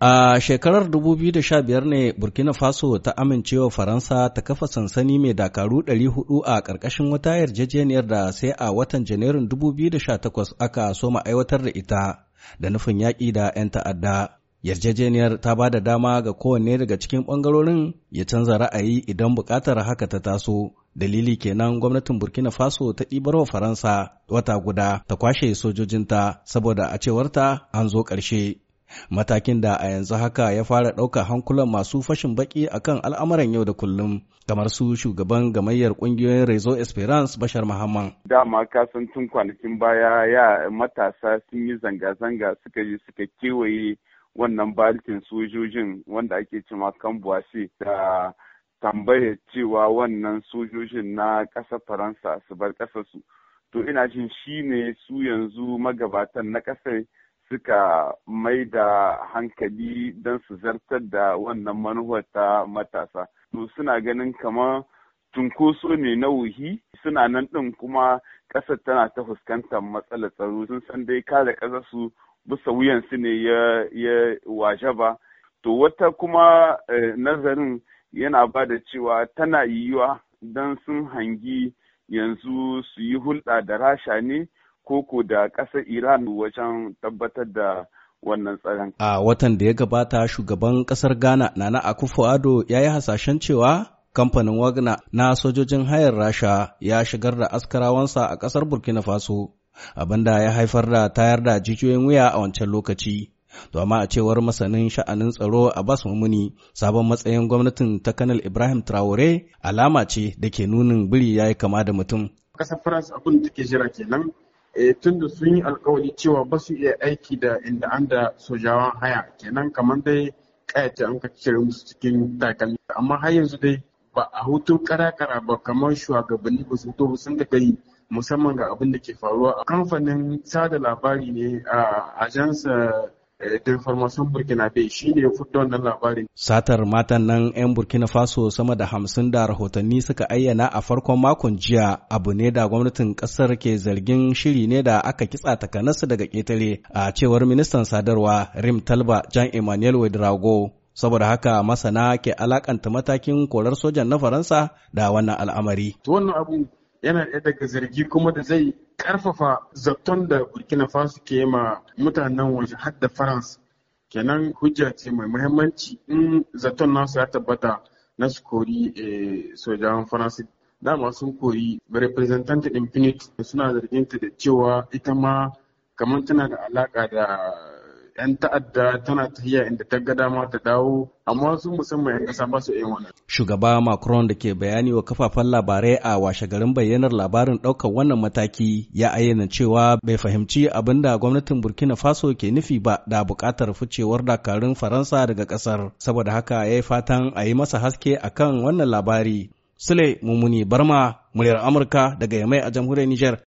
A shekarar 2015 ne Burkina Faso ta amincewa Faransa ta kafa sansani mai dakaru 400 a ƙarƙashin wata yarjejeniyar da sai a watan Janairun 2018 aka soma aiwatar da ita da nufin yaƙi da 'yan ta'adda. Yarjejeniyar ta ba da dama ga kowanne daga cikin ɓangarorin ya canza ra'ayi idan buƙatar haka ta taso. dalili kenan gwamnatin burkina faso ta ɗibar wa faransa wata guda ta kwashe sojojinta saboda a cewarta an zo ƙarshe matakin da a yanzu haka ya fara ɗaukar hankulan masu fashin baki kan al'amuran yau da kullum kamar su shugaban gamayyar ƙungiyoyin rezo esperance bashar muhammad dama ka san tun kwanakin baya ya matasa sun yi zanga-zanga suka yi suka kewaye wannan baltin sojojin wanda ake cima kan buwasi da tambaya cewa wannan sojojin na ƙasar faransa su bar ƙasarsu to ina jin shi ne su yanzu magabatan na ƙasar suka mai da hankali don su zartar da wannan manufar ta matasa. To suna ganin kamar tunkoso ne na wuhi suna nan ɗin kuma ƙasar tana ta fuskantar matsalar tsaro sun san dai kare ƙasar su bisa wuyan su ne ya waje ba. To wata kuma eh, nazarin yana ba da cewa tana yiwuwa don sun hangi yanzu su yi hulɗa da rasha ne koko da ƙasar Iran wajen tabbatar da wannan tsaron. A watan da ya gabata shugaban ƙasar Ghana Nana Akufo-Addo ya yi hasashen cewa kamfanin Wagner na sojojin hayar Rasha ya shigar da askarawansa a ƙasar Burkina Faso, abinda ya haifar da tayar da jijiyoyin wuya a wancan lokaci. To amma a cewar masanin sha'anin tsaro a bas Mumuni, sabon matsayin gwamnatin ta Kanal Ibrahim Traore alama ce da ke nunin biri ya yi kama da mutum. Ƙasar France abin da take jira kenan Eh, tunda sun yi alkawari cewa ba su iya aiki da inda an da sojawan haya kenan kamar dai kayace an ka cire musu cikin takalmi amma har yanzu dai ba a hutu kara-kara ba kamar shugabanni ba su hutu sun daga yi musamman ga abin da ke faruwa a kamfanin sada labari ne a ajansa Eh, da information burkina faso shi ne wannan labarin satar matan nan 'yan burkina faso sama da hamsin da rahotanni suka ayyana a farkon makon jiya abu ne da gwamnatin kasar ke zargin shiri ne da aka kitsa takanarsu daga ketare a cewar ministan sadarwa rim talba jan emmanuel wedrago saboda haka masana ke alakanta matakin korar sojan na faransa da wannan al'amari. wannan abu yana ɗaya daga zargi kuma da zai karfafa zaton da burkina faso ke ma mutanen waje har da faransa kenan hujja ce mai muhimmanci in zaton nasu ya tabbata na su kori eh, sojan faransa dama sun kori representant infinite suna zarginta da cewa ita ma kamar tana da alaka da 'yan ta'adda tana tafiya inda ta ga dama ta dawo amma su musamman 'yan ƙasa ba su yin wannan. Shugaba Macron da ke bayani wa kafafen labarai a washe garin bayyanar labarin ɗaukar wannan mataki ya ayyana cewa bai fahimci abin da gwamnatin Burkina Faso ke nufi ba da buƙatar ficewar dakarun Faransa daga ƙasar. Saboda haka ya yi fatan a yi masa haske a kan wannan labari. Sule Mumuni Barma, muryar Amurka daga Yamai a jamhuriyar Nijar.